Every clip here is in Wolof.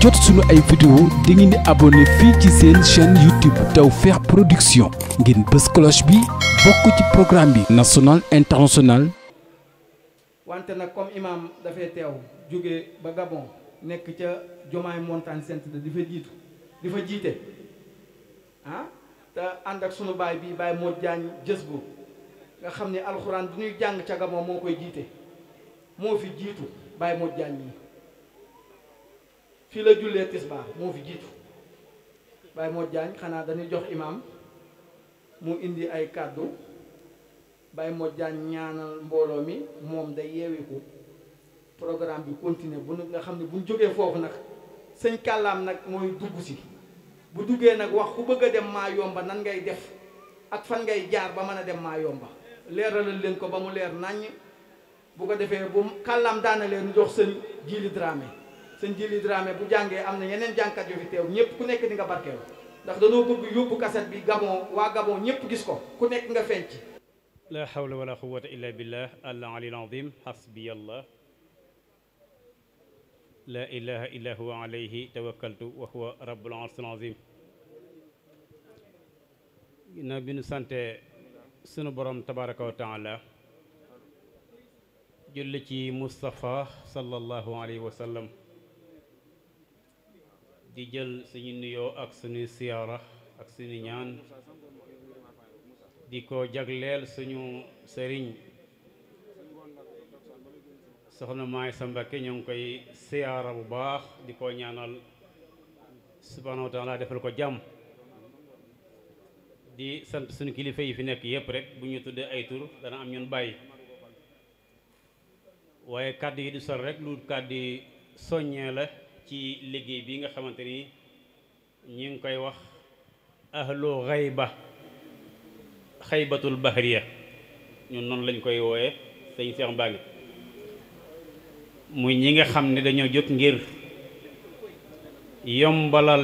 jot suñu ay vidéo da ngeen di abonné fii ci seen chaîne YouTube Tawfekh Production ngeen bës cloche bi bokk ci programme bi national international wante nag comme imam dafay teew jóge ba Gabon nekk ca Diomaye Montagne Sainte di fa jiitu di fa jiite ah te ànd ak sunu baay bi baay moo jàng jës bu nga xam ne alxuraan du ñuy jàng ca Gabon moo koy jiite moo fi jiitu baay moo jaañ yi fii la jullee tisbaar moo fi jiitu Baye Modou Diagne xanaa dañuy jox imaam mu indi ay kàddu Baye Modou Diagne ñaanal mbooloo mi moom day yeewiku programme bi continuer bu nga xam ne buñ jógee foofu nag sëñ kàllaam nag mooy dugg si bu duggee nag wax ku bëgg a dem maa yomba nan ngay def ak fan ngay jaar ba mën a dem maa yomba leeralal leen ko ba mu leer nàññ bu ko defee bu kàllaam daana leen jox sëñ jiili Dramé sëñ Jili Dramé bu jàngee am na ñeneen jànkat yu fi teew ñëpp ku nekk di nga barkeelu ndax dañoo bëgg yóbbu kaset bi Gabon waa Gabon ñëpp gis ko ku nekk nga fenc la hawla wala quwwata illa billah al alil azim hasbi allah la ilaha illa wa huwa rabbul arsil azim ginnaaw sunu borom tabaraka wa taala julli ci Mustafa sallallahu alayhi wa sallam di jël suñu nuyoo ak suñu siyaara ak suñu ñaan di ko jagleel suñu sëriñ soxna maay sa Mbakke ñu koy siyaara bu baax di ko ñaanal subhaanahu wa defal ko jàmm di sant suñu kilifa yi fi nekk yëpp rek bu ñu tuddee ay tur dana am ñun bàyyi waaye kàddu yi di sol rek lu kàddu yi soññee ci liggéey bi nga xamante ni ñi ngi koy wax ahlu xayba xaybatul bahriya ñun noonu lañ koy wooye sëñ Cheikh Mbacké muy ñi nga xam ni dañoo jóg ngir yombalal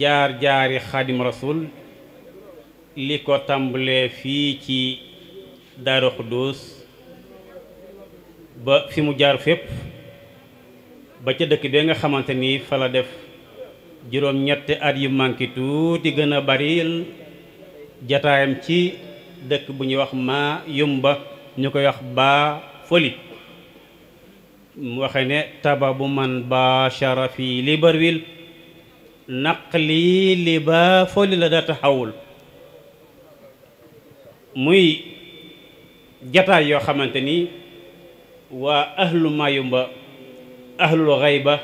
jaar-jaari xaadim rasul li ko tàmbalee fii ci Daaru Xuddus ba fi mu jaar fépp ba ca dëkk bi nga xamante ni fa la def juróom ñetti at yu manqué tuuti gën a baril jataayam ci dëkk bu ñuy wax maa yumba ñu koy wax baa foli mu waxe ne taba bu man baashara fi Libreville naqli li baa foli la daa taxawul muy jataay yoo xamante ni waa ahlu maa yumba ahlul xayba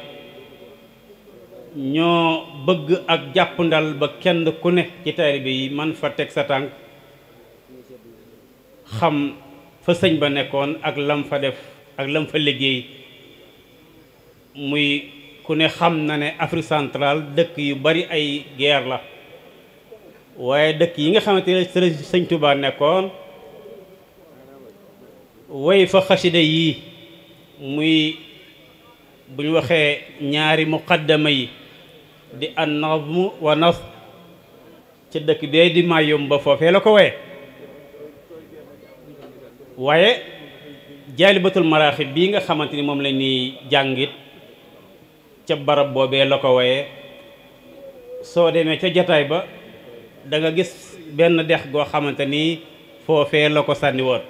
ñoo bëgg ak jàppandal ba kenn ku ne ci taalibe yi man fa teg sa tànk xam fa sëñ ba nekkoon ak lam fa def ak lam fa liggéey muy ku ne xam na ne Afrique centrale dëkk yu bari ay guerre la waaye dëkk yi nga xamante ne sëñ Touba nekkoon way fa xasida yii muy bu ñu waxee ñaari muqaddama yi di an nazmu wa nas ci dëkk bee di mayum ba foofee la ko waye waaye jaalibatul maraaxib bii nga xamante ni moom la ñuy jàngit ca barab boobee la ko woye soo demee ca jataay ba danga gis benn dex goo xamante ni foofee la ko sànni woon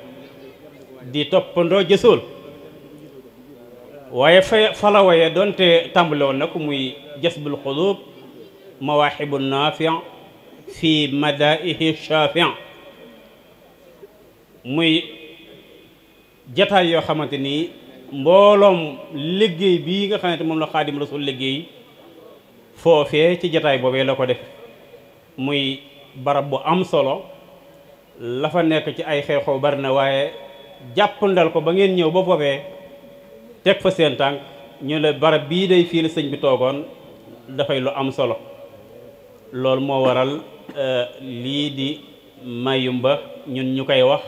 di toppandoo jësool waaye fa falawa ya doonte tàmbale woon na ko muy jasbul xuluub mawaaxibu naafi fi madaihi shaafi muy jataay yoo xamante ni mbooloom liggéey bii nga xamante moom la xaadim rasul liggéey foofee ci jataay boobee la ko def muy barab bu am solo la fa nekk ci ay xew-xew bari na waaye jàpp jàppandal ko ba ngeen ñëw ba foofee teg fa seen tànk ñu le barab bii day fii la sëñ bi toogoon dafay lu am solo lool moo waral eh, lii di mayumba ñun ñu koy wax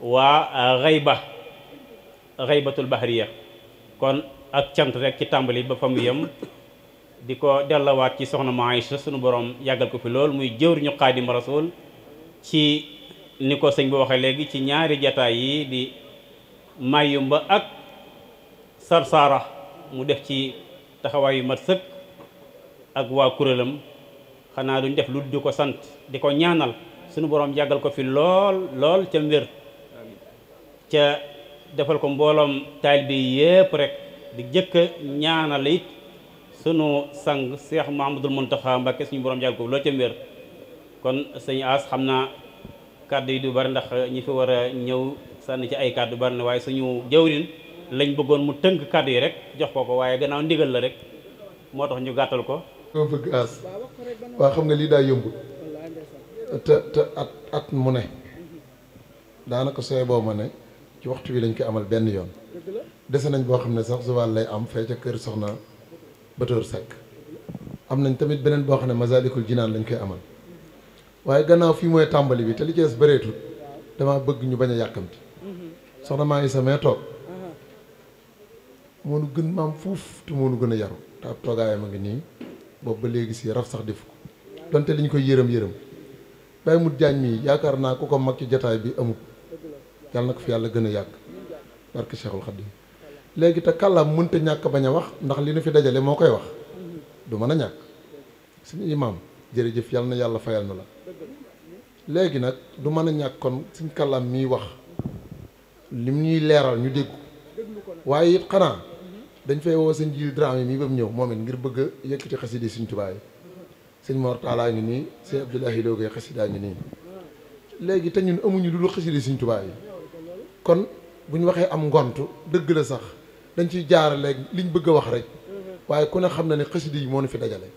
waa xayba xaybatul bahriya kon ak cant rek ci tàmbali ba fa mu yem di ko dellawaat ci soxna ma Aïcha sunu borom yàggal ko fi lool muy jëwriñu xaadim rasul ci ni ko sëñ bi waxee léegi ci ñaari jataay yi di mayumba ak sarsaara mu def ci taxawaay yu mat sëkk ak waa kuréelam xanaa duñ def lu di ko sant di ko ñaanal suñu boroom yàggal ko fi lool lool ca mbir ca defal ko mbooloom taal bi yépp rek di jëkk ñaanal it sunu sang seex Muhammadul Muntaxa Mbàkke suñu boroom yàggal ko ca mbir kon sëñ xam naa kàddu yi du bari ndax ñi fi war a ñëw sànni ci ay kàddu bari na waaye suñu jawrin lañ bëggoon mu tëng kàddu yi rek jox ko ko waaye gannaaw ndigal la rek moo tax ñu gàttal ko. doo bëgg aas waa xam nga lii daa yëmbul te te at at mu ne daanaka sooy boo ma ne ci waxtu wi lañ koy amal benn yoon dese nañ boo xam ne sax suba lay am fee ca kër soxna Batoor Seck am nañ tamit beneen boo xam ne Masalikul Jinaan lañ koy amal waaye gannaaw fii mooy tàmbali bi te li ci des dama bëgg ñu bañ a yàkkamti soxna maa ngi samee toog. moo nu gën maam fuuf te moo nu gën a yaru te ab toogaayam a ngi nii boobu ba léegi si raf sax def ko donte li ñu koy yërëm yërëm Baye Modou Diagne mii yaakaar naa ku ko mag ci jataay bi amut yàlla na ko fi yàlla gën a yàgg barke Cheikhul Khadim léegi te kàllaam mënta ñàkk bañ a wax ndax li nu fi dajale moo koy wax du mën a ñàkk suñu imaam jërëjëf yàlla na yàlla fayal na la léegi nag du mën a ñàkk kon suñ kàllaam miy wax lim ñuy leeral ñu dégg waaye it xanaa dañ fay woo sëñ Jili Dramé mii ba mu ñëw moom it ngir bëgg a yëkkati xasida yi sëñ Tuubaa yi sëñ Mor Taalaa nii sëñ Abdoulahi Lo koy xasidaa ngi nii léegi te ñun amuñu lu dul xasida yi sëñ yi kon bu ñu waxee am ngont dëgg la sax dañ ciy jaarale liñ bëgg a wax rek waaye ku ne xam na ne xasida yi moo nu fi dajale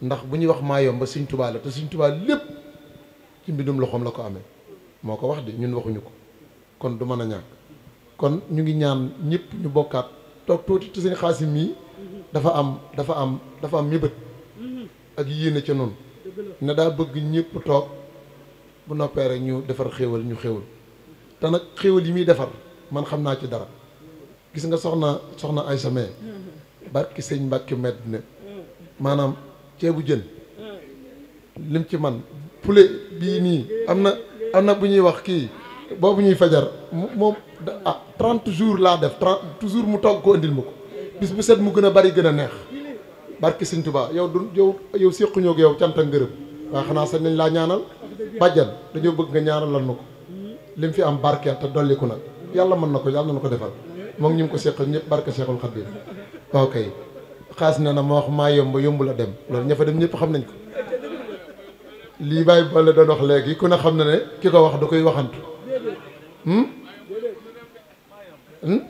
ndax bu ñuy wax maa yomba sëñ Tuubaa la te siñ Tuubaa lépp ci mbindum loxoom la ko amee moo ko wax di ñun waxuñu ko kon du mën a ñàkk kon ñu ngi ñaan ñëpp ñu bokkaat toog tuuti te seen xaasim mii dafa am dafa am dafa am mébét ak yéene ca noonu ne daa bëgg ñëpp toog bu noppee rek ñu defar xéewal ñu xéewal te nag xéewal yi muy defar man xam naa ci dara gis nga soxna soxna ay samee barki sëñ Mbàkke ne maanaam ceebu jën lim ci man poulet bii nii am na am na bu ñuy wax kii boobu ñuy fajar moom ah 30 jours laa def 30 toujours mu togg ko indil ma ko bis bu set mu gën a bari gën a neex barki Sëñ Tuubaa yow dun yow yow séquñoo ak yow cant ak ngërëm waaye xanaa sax nañ laa ñaanal bàjjan dañoo bëgg nga ñaanalal na ko lim fi am barkeel te dolliku nag yàlla mën na ko yàlla na ko defal moom ñu ngi ko séqal ñëpp barke Seexul Xadiim waaw kay xaas na na ma wax maa yomb yomb la dem loolu ña fa dem ñëpp xam nañ ko lii bàyyi boole doon wax léegi ku ne xam na ne ki ko wax da koy waxantu Hmm? Hmm?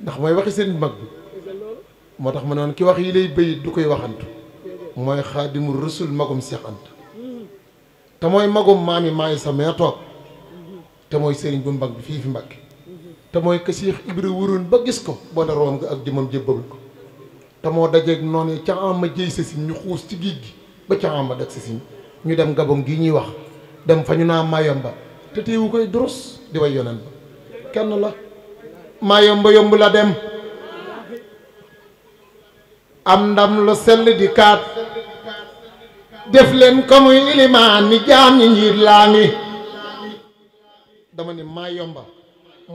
ndax mooy waxi seen mag bi moo tax ma noonu ki wax yi lay béy du koy waxantu mooy xaadimu rasul magum Cheikh te mooy magum maami maay sa toog te mooy sëriñ bu mbag bi fii fi mbagg te mooy que Cheikh Ibra ba gis ko boo ne room nga ak jëmam jëbbal ko te moo dajeeg noonu ca ama jëy sa ñu xuus ci géej gi ba ca ama dag sa ñu dem gabon gi ñuy wax dem fa ñu naa ba te teewu koy durus di way yonen kenn la maa yomb yomb la dem am ndam lu sell di kaat def leen ko muy ilimaan ni jaam ñi njiit laa ngi dama ni maa yomba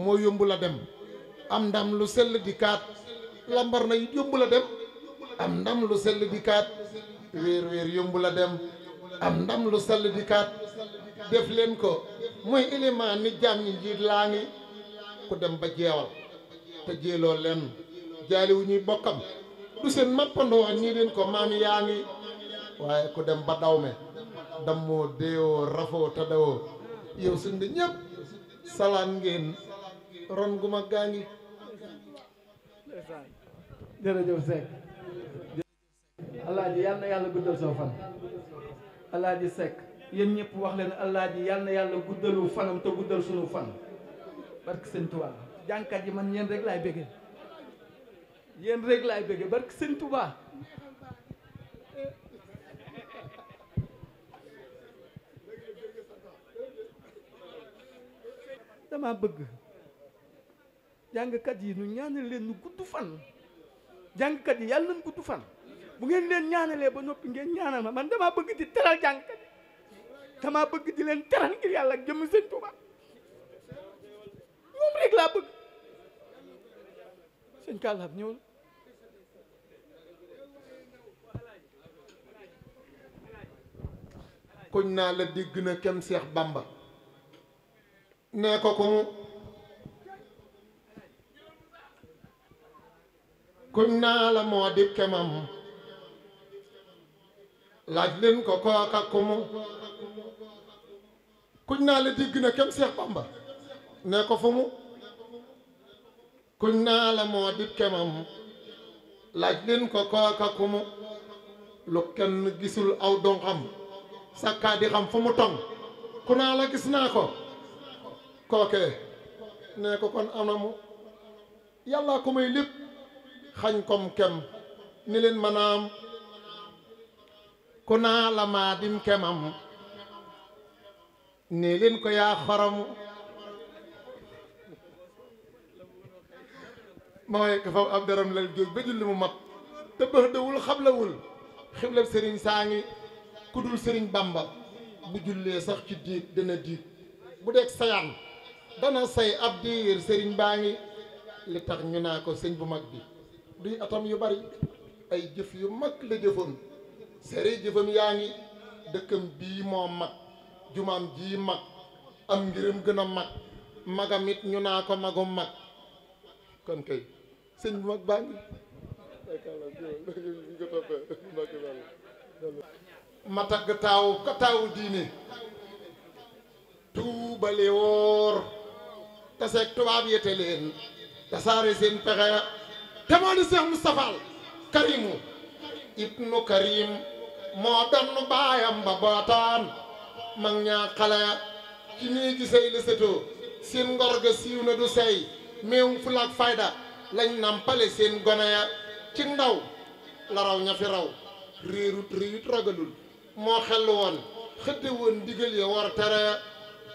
moo yomb la dem am ndam lu sell di kaat lambar na it lu sell di kaat yomb la dem am ndam lu sell di kaat def leen ko mooy ilimaan mi jaam ñi njiit laa ngi ku dem ba jeewal te jéeloo lenn jaali bokkam du seen mappandoo ñii leen ko maam yaa ngi waaye ku dem ba dawme dammoo deewoo rafoo te dawoo yow sëñ bi salaan ngeen ron gu ma gaa ngi jërëjëf Seck alaaji yal na yàlla guddal soo fan alaaji Seck yéen ñëpp wax leen allah ji yal na yàlla guddalu fanam te guddal sunu fan barke sëñ Touba jànkat yi man yéen rek laay bëggee yéen rek laay bëggee barke sëñ Touba dama bëgg jàngkat yi nu ñaanal leen nu gudd fan jàngkat yi yàlla nañ gudd fan bu ngeen leen ñaanalee ba noppi ngeen ñaanal ma man dama bëgg di teral jàngkat dama bëgg di leen teral ngir yàlla ak jëmm sëñ Tuuba moom rek laa bëgg sëñ Kàllaab ñëwul kuñ naa la dégg na kem Seex Bamba nee ko ko kuñ naa la moo di kemam laaj leen ko kooka ku kuñ naa la digg na kem Seex Bamba ne ko fu mu kuñ naa la moo dib kemam laaj leen ko kooka ku mu lu kenn gisul aw don xam sakkaa di xam fu mu tong ku naa la gis naa ko kookee ne ko kon anamu yàlla ko may lépp xañ kom kem ni leen manaam ku naa la maa dim kemam ne ko yaa xoromu ma waaye ko fab ab daram lal jóg ba julli mu mat te bëx xablawul xiblab sëriñ saa ngi ku dul sëriñ bàmba bu jullee sax ci diig dana diig bu dee sayaan dana say ab diir sëriñ baa ngi li tax ñu naa ko sëñ bu mag bi duy atam yu bari ay jëf yu mag la jëfoon sëriñ jëfam yaa ngi dëkkam bii moo mag jumaam ji mag am ngirum gën a mag magam ñu naa ko magum mag kon kay sëñ mag baa ma tagg taawu ka taawu diine tuubale woor tubaab yete leen tasaare seen pexe te moo di Seex Mustafaa Karimu ibnu Karim moo doon baayam ba bootaan mag ñaa xale ya ci nii ci sey seen ngor ga siiw na du sey meew fulaak fayda lañ nampale seen gone ya ci ndaw la raw ña fi raw réerut réyut ragalul moo xellu woon xëdde woon ndigal ya war tere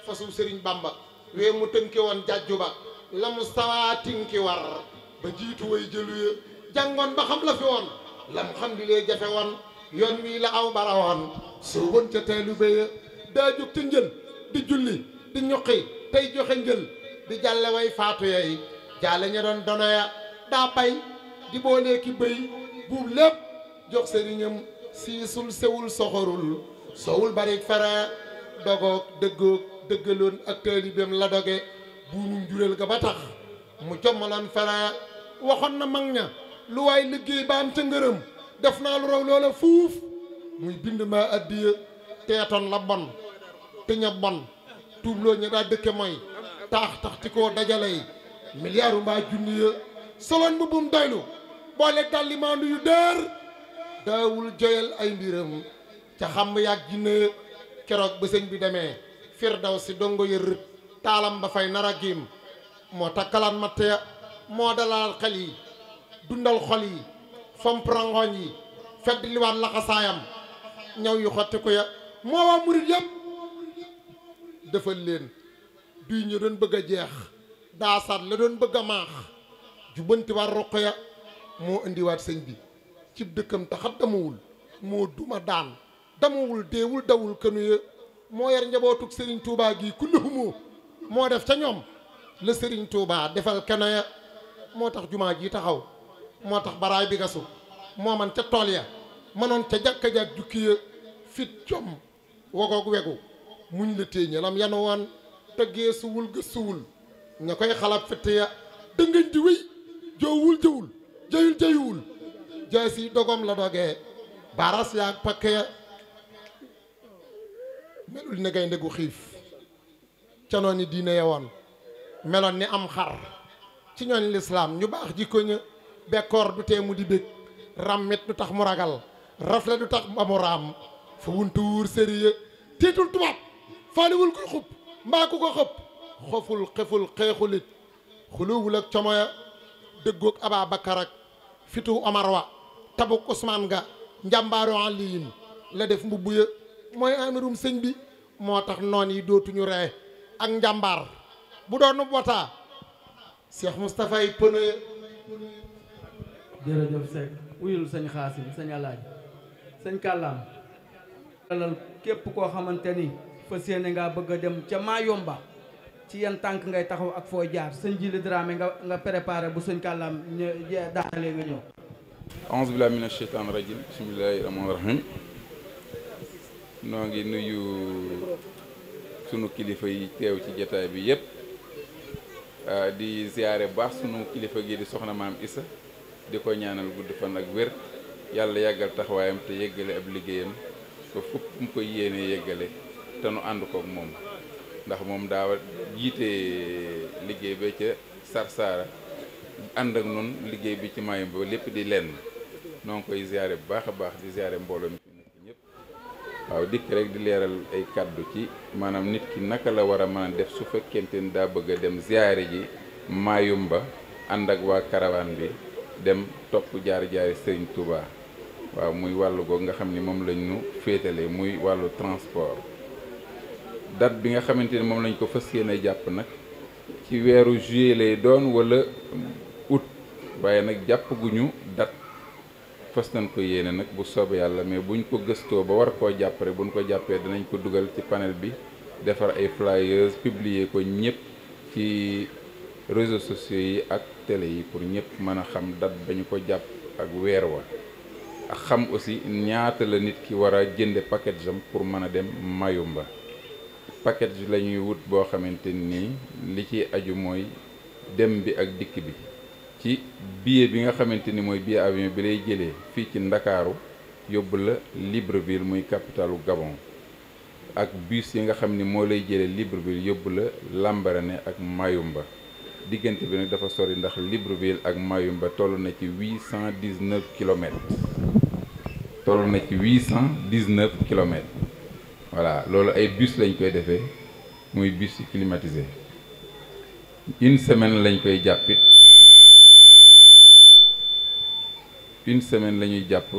fasu sëriñ bamba wee mu tënki woon jàjju ba la mu sawaa tinki war ba jiitu way jëlu ya jàngoon ba xam la fi woon lam xam di lee jafe woon yoon wii la aw bara woon soo woon ca teelu béya daa jóg ca njël di julli di ñuqi tey joxe njël di jàlle way faatu yey jàlle ña doon donoya daa bay di boolee ki bëy buub lépp jox sëriñam siisul sewul soxorul sowul bari fara dogoog dëggoog dëggaloon ak taalibeem la doge buumum jureel ga ba tax mu jommaloon fara waxoon na mag ña lu waay liggéey ba am ca ngërëm def naa lu raw loola fuuf muy bind maa addiya teetoon la bon te ña bon tuubloo ña daa dëkke mooy taax tax ci koo dajale yi miliyaaru mbaa junni ya soloon mu doylu boole dalli maandu yu dër daawul joyal ay mbiram ca xàmb yaag jinne keroog ba sëñ bi demee firdaw si dongo yër taalam ba fay nar a giim moo takkalaat matt ya moo dalal xel yi dundal xol yi fomp rangoñ yi fedd liwaat laxasaayam ñaw yu xotti ya moo waa murit yëpp defal leen duy ñu doon bëgg a jeex daasaat la doon bëgg a maax jubantiwaat roqo ya moo indiwaat sëñ bi cib dëkkam taxat damawul moo duma daan damawul deewul dawul kënuye moo yar njabootug sëriñ Touba gi kulluhumoo moo def ca ñoom la sëriñ Touba defal kenoya moo tax jumaa ji taxaw moo tax baraay bi gasu moo man ca tool ya manoon ca jàkka-jàk jukki ya fit com wagoog wegu muñ la téye ñanam yanuwaan te geesuwul gëstuwul ña koy xalaat fette ya dëngañ di wéy joowul jëwul jëyul jëyuwul jaasi dogom la dogee baras yaag pakke ya melul ne gaynde gu xiif ca noonu diine ya woon meloon ni am xar ci ñooñ lislaam ñu baax jikko ña bekkoor du tee mu di bég ràmmit du tax mu ragal rafle du tax amu raam fa wuntuwuur sériya tiitul tubaab faaliwul kuy xub mbaa ku ko xëpp xoful xeful xeexulit xuluwul ak comoya dëggoog Aba Bakar ak fitu Omar wa tabuk Ousmane ga njàmbaaru aliyin la def mbubbu ya mooy amirum sëñ bi moo tax noon yi dootuñu ree ak njàmbaar bu doon wataa Cheikh Moustapha yi pëne jërëjëf Seck wuyul sëñ xaasim sëñ alaaj sëñ kàllaam képp koo xamante ni fas yéene ngaa bëgg a dem ca Mayumba ci yan tànk ngay taxaw ak foo jaar sëñ Jili Dramé nga nga préparé bu sëñ kàllaam ñu daanalee nga ñëw aouzu billahi mina sheytaan rajim bismillahi rahmaani rahim noo ngi nuyu sunu kilifa yi teew ci jataay bi yépp ah, di ziyaare baax sunu kilifa gi di soxna maam Issa di ko ñaanal gudd fan ak wér yàlla yàggal taxawaayam te yëggale ab liggéeyam ba fukk mu ko yéenee yëggale te nu ànd kook moom ndax moom daawa jiite liggéey ba ca Sarsara ànd ak nun liggéey bi ci mayum ba lépp di lenn noo ngi koy ziare bu baax a baax di ziare mbooloo mi fi nekk ñëpp waaw dikk rek di leeral ay kàddu ci maanaam nit ki naka la war a mën a def su fekkente ni daa bëgg a dem ziare ji Mayumba ànd ak waa caravane bi dem topp jaar jaari Serigne Touba waaw muy wàllu googu nga xam ni moom lañ nu féetale muy wàllu transport date bi nga xamante ni moom lañ ko fas yéene jàpp nag ci weeru juillet lay doon walla août waaye nag jàpp gu ñu date fas nañ ko yéene nag bu soobee yàlla mais buñ ko gëstoo ba war koo jàpp bu buñ ko jàppee danañ ko dugal ci panel bi defar ay flyers publier ko ñëpp ci réseaux sociaux yi ak tele yi pour ñëpp mën a xam date ba ñu ko jàpp ak weer wa ak xam aussi ñaata la nit ki war a jënde package am pour mën a dem Mayumba paquet la ñuy wut boo xamante nii li ci aju mooy dem bi ak dikk bi ci billet bi nga xamante ni mooy billet avion bi lay jëlee fii ci Ndakaaru yóbbu la Libreville muy capitalu Gabon ak bus yi nga xam ni moo lay jëlee Libreville yóbbu la ne ak mayum ba diggante bi nag dafa sori ndax Libreville ak Mayumba toll na ci huit cent dix-neuf kilomètres na ci huit cent kilomètres voilà loolu ay bus lañ koy defee muy bus climatisé une semaine lañ koy jàppit une semaine la ñuy jàpp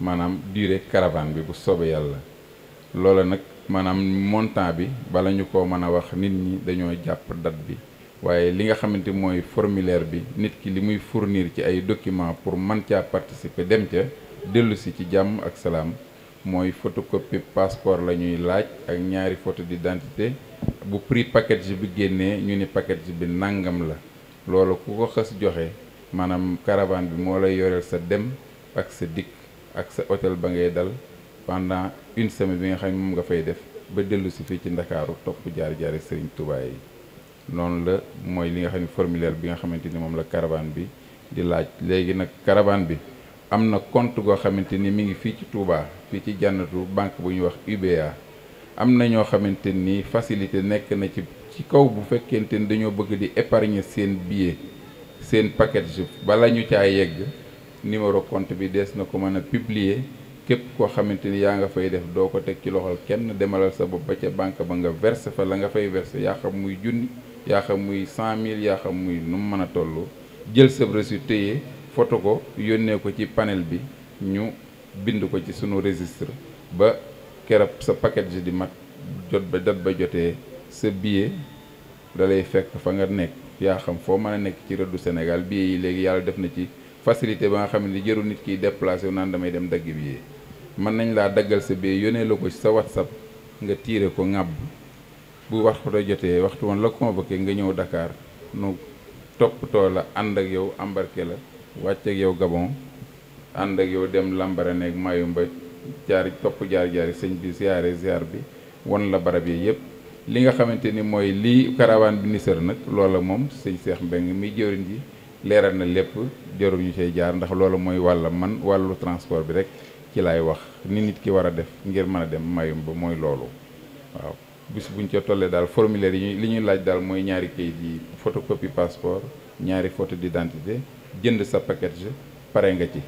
maanaam durée caravane bi bu soobee yàlla loole nag maanaam montant bi bala ñu ko mën a wax nit ñi dañoo jàpp date bi waaye li nga xamante mooy formulaire bi nit ki li muy fournir ci ay documents pour mën caa participer dem ca dellu si ci jàmm ak salaam mooy photocopie passeport la ñuy laaj ak ñaari photo d'identité bu prix package bi génnee ñu ni package bi nangam la loolu ku ko xas joxe maanaam caravane bi moo lay yoreel sa dem ak sa dikk ak sa hôtel ba ngay dal pendant une semaine bi nga xam ne moom nga fay def ba dellu si fii ci ndakaaru topp jaar-jaare Serigne Touba yi noonu la mooy li nga xam ne formulaire bi nga xamante ni moom la caravane bi di laaj léegi nag caravane bi am na compte goo xamante ni mi ngi fii ci Touba fii ci jànnatu banque bu ñuy wax UBA am na ñoo xamante ni facilité nekk na ci ci kaw bu fekkente ni dañoo bëgg di épargner seen billet seen package bala ñu caa yegg numéro compte bi des na ko mën a publier képp koo xamante ni yaa nga fay def doo ko teg ci loxol kenn demalal sa bopp ba ca banque ba nga verse fa la nga fay verse yaa xam muy junni yaa xam muy cent mille yaa xam muy nu mu mën a toll jël sa reçu téye photo ko yónnee ko ci panel bi ñu bind ko ci sunu registre ba kerab sa package di mat jot ba dat ba jotee sa billet da fekk fa nga nekk yaa xam foo mën a nekk ci rëddu senegal billet yi léegi yàlla def na ci facilité ba nga xam ni jëru nit kiy déplacé wu naan damay dem dagg billet mën nañ laa daggal sa billet yónnee la ko ci sa whatsapp nga tiire ko ŋàbb bu waxtu jotee waxtu woon la convoqué nga ñëw Dakar nu toppatoo la ànd ak yow embarqué la wàcc yow Gabon ànd ak yow dem Lambaréné mayum Mayumba jaar topp jaar jaari sëñ bi ziare ziar bi won la barab yi yëpp li nga xamante ni mooy lii caravane bi nisër nag loola moom sëñ Seex Mbeng mi jëriñ ji leeral na lépp jarul ñu jaar ndax loola mooy wàlla man wàllu transport bi rek ci laay wax ni nit ki war a def ngir mën dem mayum Mayumba mooy loolu waaw bis buñ ca tollee daal formulaire yi li ñuy laaj daal mooy ñaari kayit yi photocopie passeport ñaari photo d'identité jënd sa package pare nga ci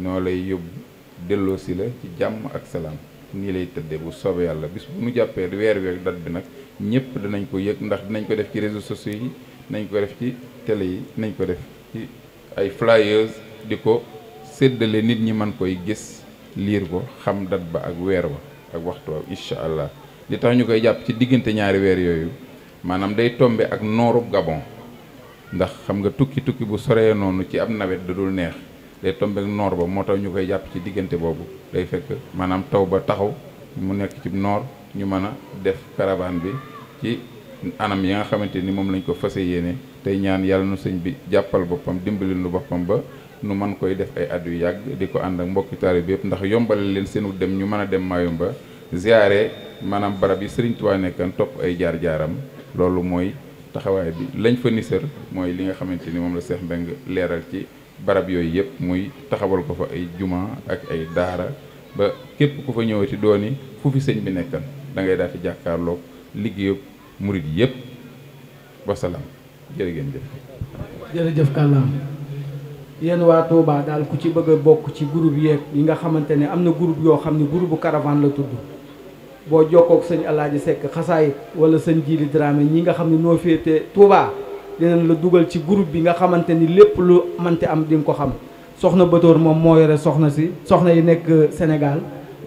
noo lay yóbbu delloo si la ci jàmm ak salaam nii lay tëddee bu soobee yàlla bis bu nu jàppee weer wi ak bi nag ñëpp danañ ko yëg ndax dinañ ko def ci réseaux sociaux yi nañ ko def ci télé yi nañ ko def ci ay flyers di ko séddale nit ñi man koy gis liir ko xam date ba ak weer wa ak waxtu wa incha allah li tax ñu koy jàpp ci diggante ñaari weer yooyu maanaam day tombe ak nooru Gabon ndax xam nga tukki tukki bu soree noonu ci ab nawet da dul neex day tombeek noor ba moo tax ñu koy jàpp ci diggante boobu day fekk maanaam taw ba taxaw mu nekk ci noor ñu mën a def caravane bi ci anam yi nga xamante ni moom lañ ko fase yéene te ñaan yàlla nu sëñ bi jàppal boppam dimbali nu boppam ba nu man koy def ay at yu yàgg di ko ànd ak mbokki taari bi yëpp ndax yombale leen seenu dem ñu mën a dem ba ziare maanaam barab yi Sëriñ Tuubaa nekkan topp ay jaar-jaaram loolu mooy taxawaay bi lañ fa nisër mooy li nga xamante ni moom la Cheikh Mbengue leeral ci barab yooyu yëpp muy taxawal ko fa ay jumaa ak ay daara ba képp ku fa ñëwati dooni fu fi sëñ bi nekkan dangay ngay daal di jàkkaarloog liggéeyub murit yëpp wasalaam jërë ngeen jëf. jërëjëf kàllaam waa Touba daal ku ci bëgg bokk ci groupe yeeg yi nga xamante ne am na groupe yoo xam ne groupe bu caravane la tudd. boo jokkook sëñ Alaaji Seck xasaayit wala sëñ Jili Dramé ñi nga xam ne noo féete Touba dinañ la dugal ci groupe bi nga xamante ni lépp lu mante am di ko xam soxna Batoor moom moo yore soxna si soxna yi nekk Sénégal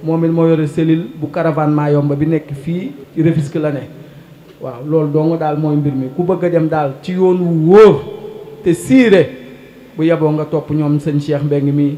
moom it moo yore cellule bu caravane Mayomba bi nekk fii ci la ne waaw loolu dong daal mooy mbir mi ku bëgg a dem daal ci yoon wu wóor te siire bu yeboo nga topp ñoom sëñ Cheikh Mbeng mii